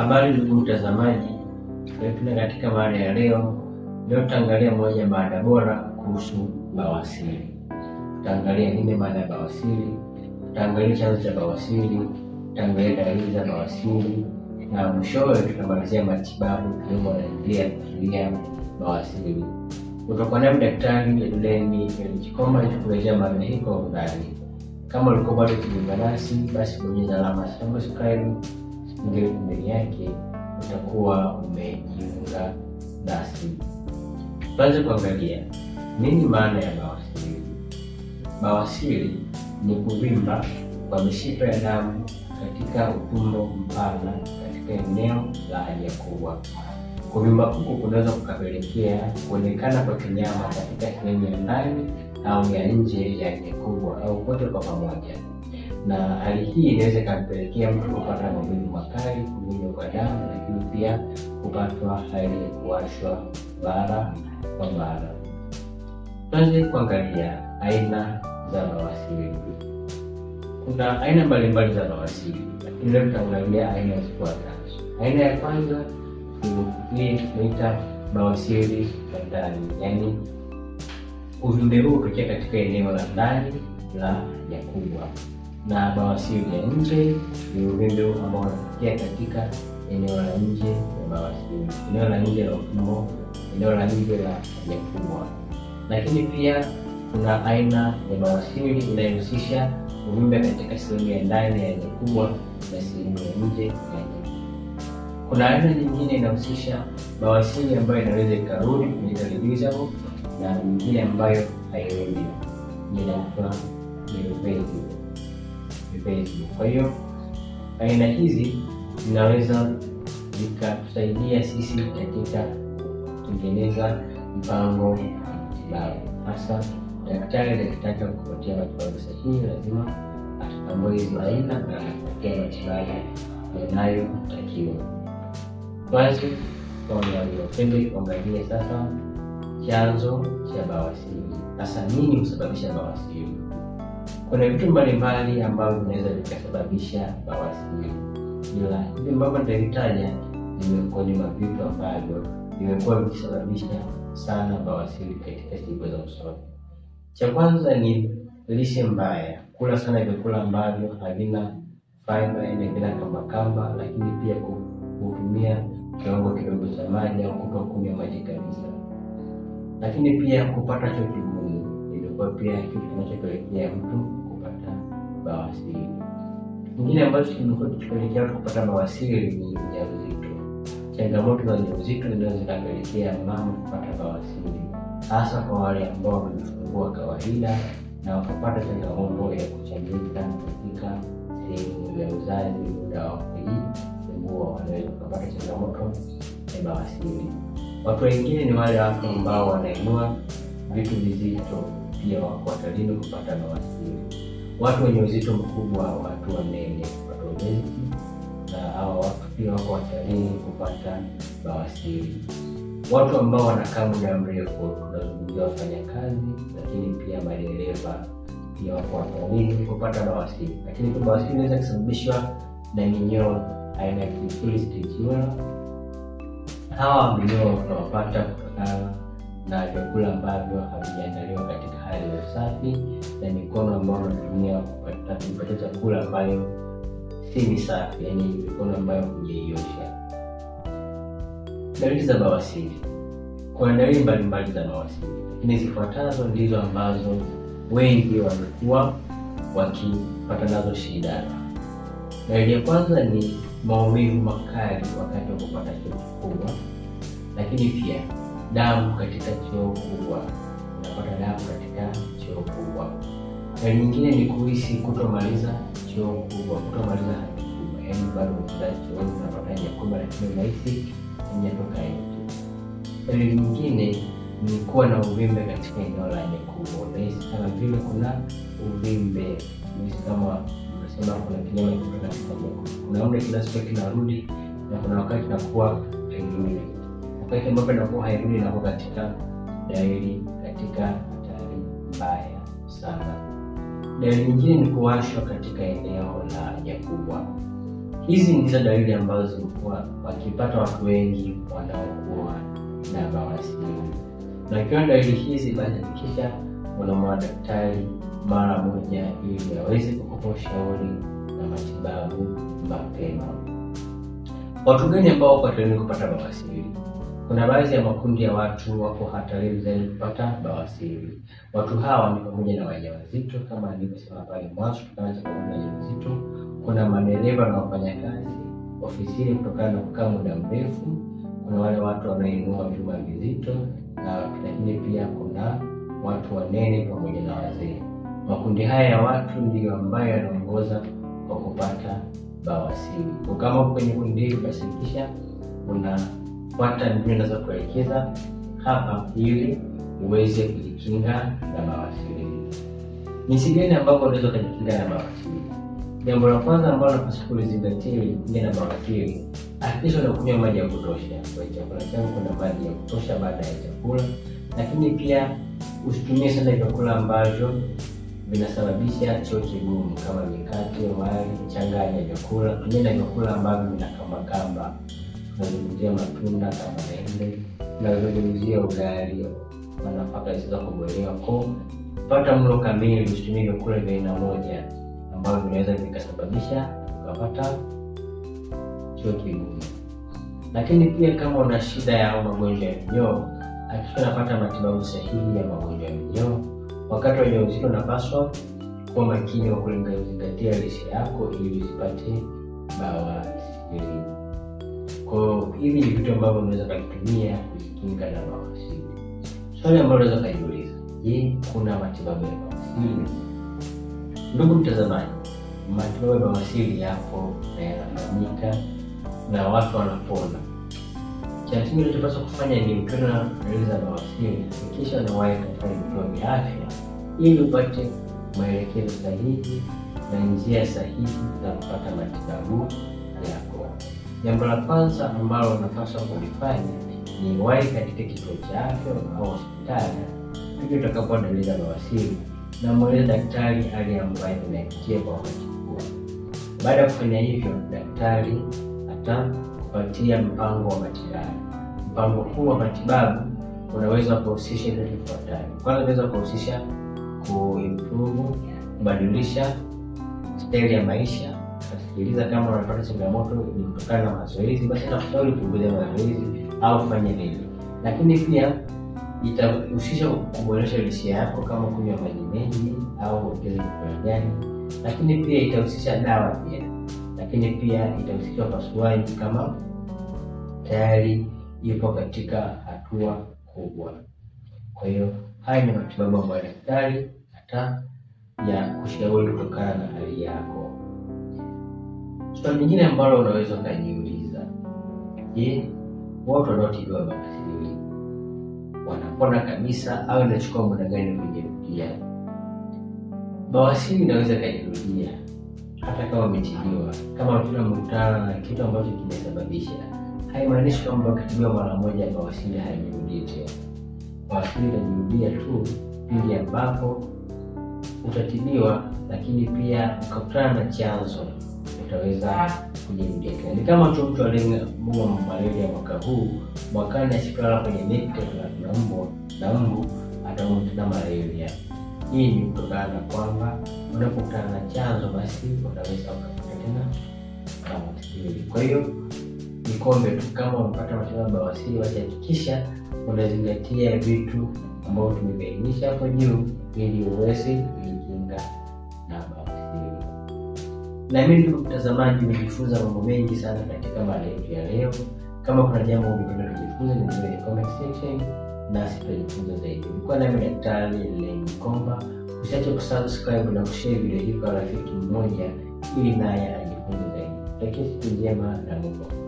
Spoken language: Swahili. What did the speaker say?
Habari ndugu mtazamaji, tunakutana katika mada ya leo. Leo tutaangalia moja mada bora kuhusu bawasiri. Tutaangalia nini maana ya bawasiri, tutaangalia chanzo cha bawasiri, tutaangalia dalili za bawasiri na mwishowe tutamalizia matibabu kiwemo naendelea kuzuia bawasiri. Utakuwa nami Daktari Eduleni Elikikoma nitakuelezea mada hii kwa undani. Kama ulikuwa bado kujiunga nasi, basi bonyeza alama subscribe ukifunga kumbeni yake utakuwa umejiunga nasi tuanze kuangalia nini maana ya bawasiri bawasiri ni kuvimba kwa mishipa ya damu katika utumbo mpana katika eneo la haja kubwa kuvimba huku kunaweza kukapelekea kuonekana kwa kinyama katika sehemu ya ndani au ya nje ya haja kubwa au kote kwa pamoja na hali hii inaweza ikampelekea mtu kupata maumivu makali, kuvuja kwa damu, lakini pia kupatwa hali ya kuwashwa bara kwa bara Tuanze kuangalia aina za bawasiri. Kuna aina mbalimbali za bawasiri, lakini leo tutaangalia aina zifuatazo. Aina ya kwanza hii tunaita bawasiri ya ndani, yani ujumbe huu hutokea katika eneo la ndani la yakubwa na bawasiri ya nje ni uvimbe ambao unatokea katika eneo la nje ya bawasiri, eneo la nje la utumbo, eneo la nje la haja kubwa. Lakini pia kuna aina ya bawasiri inayohusisha uvimbe katika sehemu ya ndani ya haja kubwa na sehemu ya nje ya haja kubwa. Kuna aina nyingine inahusisha bawasiri ambayo inaweza ikarudi inaitwa na nyingine ambayo hairudi inaitwa irreversible vipenzi. Kwa hiyo aina hizi zinaweza zikatusaidia sisi katika kutengeneza mpango matibabu. Hasa daktari akitaka kupatia matibabu sahihi, lazima atatambua hizo aina na atapatia matibabu yanayotakiwa. Basi waliwapende kuangalia sasa chanzo cha bawasiri. Sasa nini husababisha bawasiri? Kuna vitu mbalimbali ambavyo vinaweza vikasababisha bawasiri ila hivi ambavyo nitavitaja vimekuwa ni mavitu ambavyo vimekuwa vikisababisha sana bawasiri katika siku za usoni. Cha kwanza ni lishe mbaya, kula sana vyakula ambavyo havina fiber, yaani kambakamba, lakini pia kutumia kiwango kidogo cha maji au kunywa maji kabisa. Lakini pia kupata choo kigumu imekuwa pia kitu kinachopelekea mtu kupata bawasiri. Kingine ambacho kimekuwa kikipelekea watu kupata bawasiri ni ujauzito. Changamoto za ujauzito ndio zinapelekea mama kupata bawasiri, hasa kwa wale ambao wamejifungua kawaida na wakapata changamoto ya kuchangika katika sehemu ya uzazi muda wa kujifungua, wanaweza kupata changamoto ya bawasiri. Watu wengine ni wale watu ambao wanainua vitu vizito, pia wako hatarini kupata bawasiri watu wenye uzito mkubwa, watu wanene, watu obesity, na hawa watu pia wako hatarini kupata bawasiri. Watu ambao wanakaa muda mrefu, tunazungumzia wafanyakazi, lakini pia madereva pia wako hatarini kupata bawasiri. Lakini pia bawasiri inaweza kusababishwa na minyoo aina ya Cristacea. Hawa minyoo tunawapata kutokana na vyakula ambavyo havijaandaliwa katika ya safi na mikono ambayo unatumia kupatia chakula ambayo si ni safi, yani mikono ambayo hujaiosha. Dalili za bawasiri. Kuna dalili mbalimbali za bawasiri, lakini zifuatazo ndizo ambazo wengi wamekuwa wakipata nazo shida. Dalili ya kwanza ni maumivu makali wakati wa kupata choo kikubwa, lakini pia damu katika choo kubwa wanadamu katika cheo kubwa. Athari nyingine ni kuhisi kutomaliza cheo kubwa, kutomaliza yaani bado ukikaa cheoni unapata haja kubwa, lakini unahisi haijatoka nje. Athari nyingine ni kuwa na uvimbe katika eneo la haja kubwa, unahisi kama vile kuna uvimbe, unahisi kama unasema kuna kinyama kimetoka katika haja kubwa. Kuna muda kila siku kinarudi na kuna wakati nakuwa hairudi, wakati ambapo inakuwa hairudi inakuwa katika dalili katika hatari mbaya sana. Dalili nyingine ni kuwashwa katika eneo la kubwa. Hizi ndizo dalili ambazo zimekuwa wakipata watu wengi wanaokuwa na mawasiliano, na ikiwa dalili hizi, basi hakikisha unamwona daktari mara moja ili aweze kukupa ushauri na matibabu mapema. Watu gani ambao wako hatarini kupata bawasiri? Kuna baadhi ya makundi ya watu wako hatarini zaidi kupata bawasiri. Watu hawa ni pamoja na wajawazito kama alivyosema pale mwanzo, kutokana cha wajawazito. Kuna madereva na wafanyakazi ofisini kutokana na kukaa muda mrefu. Kuna wale watu wanaoinua vyuma vizito, na lakini pia kuna watu wanene pamoja na wazee. Makundi haya ya watu ndiyo ambayo yanaongoza kwa kupata bawasiri. Kama kwenye kundi hili basi kisha una kufuata mbinu kuelekeza hapa ili uweze kujikinga na mawasiliano. Jinsi gani ambapo unaweza kujikinga na mawasiliano? Jambo la kwanza ambalo napaswa kulizingatia ili na mawasiliano, hakikisha unakunywa maji ya kutosha. Kwa chakula chako kuna maji ya kutosha baada ya chakula, lakini pia usitumie sana vyakula ambavyo vinasababisha choo kigumu kama mikate, wali. Changanya vyakula, tumia na vyakula ambavyo vina kamba nazungumzia matunda kama maembe nazungumzia ugari wa nafaka kugolewa ko pata mlo kamili usitumie vyakula vya aina moja ambavyo vinaweza vikasababisha ukapata choo kigumu lakini pia kama una shida ya magonjwa ya minyoo hakikisha napata matibabu sahihi ya magonjwa ya minyoo wakati wenye uzito unapaswa kuwa makini wa kuzingatia lishe yako ili usipate bawasiri kwa hivi ni vitu ambavyo unaweza kuvitumia kujikinga na bawasiri. Swali ambalo unaweza kujiuliza, je, kuna matibabu ya bawasiri? Ndugu mtazamaji, matibabu ya bawasiri yapo na yanafanyika na watu wanapona. Cha unachopaswa kufanya ni ukiona dalili za bawasiri, hakikisha unawahi katika vituo vya afya ili upate maelekezo sahihi na njia sahihi za kupata matibabu yako. Jambo la kwanza ambalo unapaswa kulifanya ni wahi katika kituo cha afya au hospitali pindi utakapo dalili bawasiri, na mweleze daktari hali ambayo unaipitia kwa wakati huo. Baada ya kufanya hivyo, daktari atakupatia mpango wa matibabu. Mpango huu wa matibabu unaweza kuhusisha vitu vifuatavyo. Kwanza, unaweza kuhusisha kuimprove, kubadilisha staili ya maisha kusikiliza. Kama unapata changamoto ni kutokana na mazoezi, basi nakushauri kupunguza mazoezi au kufanya nini lakini pia itahusisha kuboresha lishe yako kama kunywa maji mengi au ongeza vikolejani, lakini pia itahusisha dawa pia, lakini pia itahusisha upasuaji kama tayari ipo katika hatua kubwa. Kwa hiyo haya ni matibabu ambayo daktari hata ya kushauri kutokana na hali yako. Swali lingine ambalo unaweza ukajiuliza, je, watu wanaotibiwa bakteria wanapona kabisa au inachukua muda gani kujirudia? Bawasiri inaweza ikajirudia hata kama umetibiwa, kama mkutana na kitu ambacho kimesababisha. Haimaanishi kwamba ukitibiwa mara moja bawasiri haijirudii tena. Bawasiri inajirudia tu pindi ambapo utatibiwa, lakini pia ukakutana na chanzo utaweza kujirudia Ni yaani kama tu mtu aliyeugua malaria mwaka huu, mwakani asitolala kwenye neti na mbu na mbu ataumwa malaria. Hii ni kutokana na kwamba unapokutana na chanzo, basi unaweza ukapata tena bawasiri. Kwa hiyo nikombe tu, kama unapata matibabu ya bawasiri, wahakikisha unazingatia vitu ambayo tumebainisha hapo juu ili uwezi kuingia Naamini ndugu mtazamaji, umejifunza mambo mengi sana katika mada yetu ya leo. Kama kuna jambo ungependa kujifunza, niambie kwenye comment section, nasi tutajifunza zaidi. Ulikuwa nami Daktari komba Usiache kusubscribe na kushare video hii kwa rafiki mmoja, ili naye ajifunze zaidi. Lakini siku njema na Mungu